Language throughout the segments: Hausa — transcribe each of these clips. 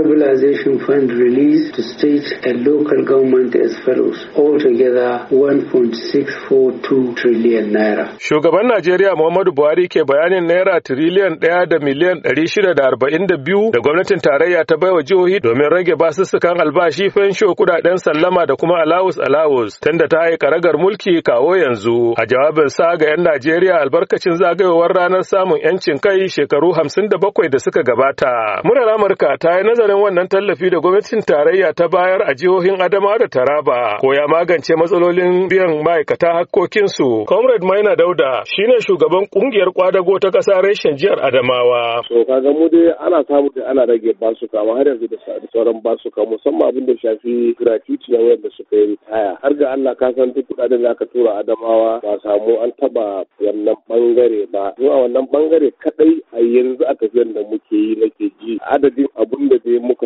Stabilization Fund release to state and local government as follows. Altogether 1.642 trillion naira. Shugaban Najeriya Muhammadu Buhari ke bayanin naira tiriliyan ɗaya da miliyan ɗari shida da biyu da gwamnatin tarayya ta baiwa jihohi domin rage basussukan albashi fensho kudaden sallama da kuma alawus alawus tunda ta yi karagar mulki kawo yanzu a jawabin sa ga 'yan Najeriya albarkacin zagayowar ranar samun 'yancin kai shekaru hamsin da bakwai da suka gabata. Murar Amurka ta yi nazarin ganin wannan tallafi da gwamnatin tarayya ta bayar a jihohin adamawa da Taraba ko ya magance matsalolin biyan ma'aikata hakkokinsu. Comrade Maina Dauda shi ne shugaban ƙungiyar kwadago ta ƙasa reshen jihar Adamawa. To kaga mu dai ana samu da ana rage basuka amma har yanzu da sauran basu basuka musamman abin da shafi gratuity na wayanda suka yi ritaya. Har ga Allah ka san duk kuɗaɗen da aka tura Adamawa ba samu an taɓa wannan ɓangare ba. Zuwa wannan ɓangare kaɗai. yanzu a tafiyan da muke yi nake ji adadin abun da dai muka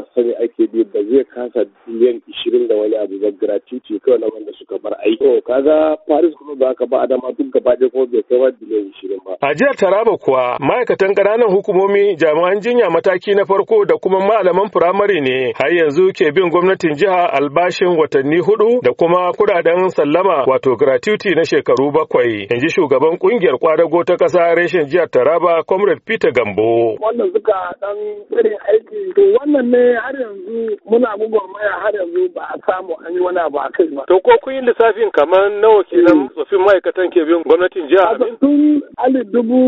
zai kasa miliyan ishirin da wani abu ba gratuity kawai na wanda suka bar aiki. To kaga Paris kuma ba ka ba Adama duk gaba ɗaya kuma bai kai ba miliyan ishirin ba. A jihar Taraba kuwa ma'aikatan ƙananan hukumomi jami'an jinya mataki na farko da kuma malaman firamare ne har yanzu ke bin gwamnatin jiha albashin watanni hudu da kuma kudaden sallama wato gratuity na shekaru bakwai. In ji shugaban ƙungiyar kwadago ta ƙasa reshen jihar Taraba Comrade Peter Gambo. Wannan suka ɗan irin aiki to wannan ne har yanzu muna muna maya har yanzu ba a samu an yi wani abu a kai ba. To ko kun yi lissafin kamar nawa kenan eh. tsofin ma'aikatan ke bin gwamnatin jiha Tun alif dubu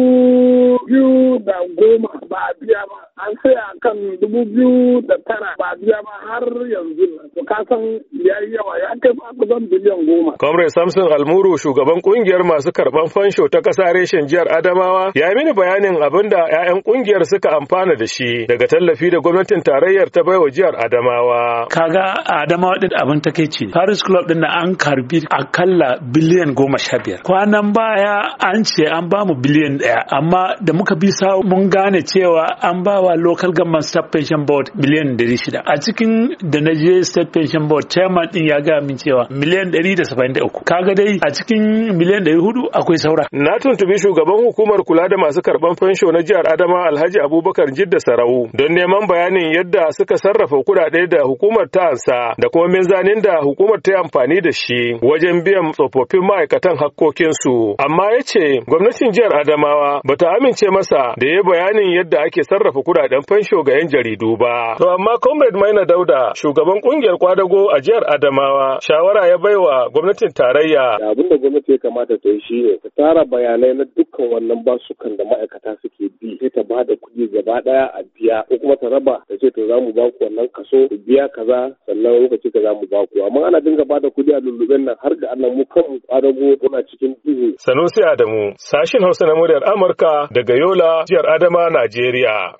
biyu da goma ba a biya ba. an saya kan dubu biyu da tara ba biya ba har yanzu to ka san ya yi yawa ya kai ba kusan biliyan goma. Comrade Samson Almuru shugaban kungiyar masu karban fansho ta kasa reshen jihar Adamawa ya yi mini bayanin abin da 'ya'yan kungiyar suka amfana da shi daga tallafi da gwamnatin tarayyar ta baiwa jihar Adamawa. Kaga Adamawa din abin take ce Paris Club din na an karbi akalla biliyan goma sha biyar. Kwanan baya an ce an bamu biliyan ɗaya amma da muka bi sa mun gane cewa an ba wa local government state pension board miliyan 600 a cikin da na je state pension board chairman din ya gaya min cewa miliyan 173 kaga dai a cikin miliyan 400 akwai saura na tuntubi shugaban hukumar kula da masu karban fensho na jihar Adama Alhaji Abubakar Jidda Sarau don neman bayanin yadda suka sarrafa kuɗaɗe da hukumar ta ansa da kuma minzanin da hukumar ta yi amfani da shi wajen biyan tsofaffin ma'aikatan hakkokinsu amma ya ce gwamnatin jihar Adamawa bata amince masa da ya bayanin yadda ake sarrafa kuɗaɗe kudaden fansho ga 'yan jaridu ba. To amma Comrade Maina Dauda shugaban kungiyar kwadago a jihar Adamawa shawara ya baiwa gwamnatin tarayya. Abin da gwamnati ya kamata ta yi shi ne ta tara bayanai na dukkan wannan basukan da ma'aikata suke bi sai ta ba da kuɗi gaba ɗaya a biya ko kuma ta raba ta ce to za mu ba ku wannan kaso ku biya kaza sannan lokaci za mu ba ku amma ana dinga ba da kuɗi a lulluɓen nan har ga annan mu kan kwadago muna cikin duhu. Sanusi Adamu sashin Hausa na muryar Amurka daga Yola jihar Adama Najeriya.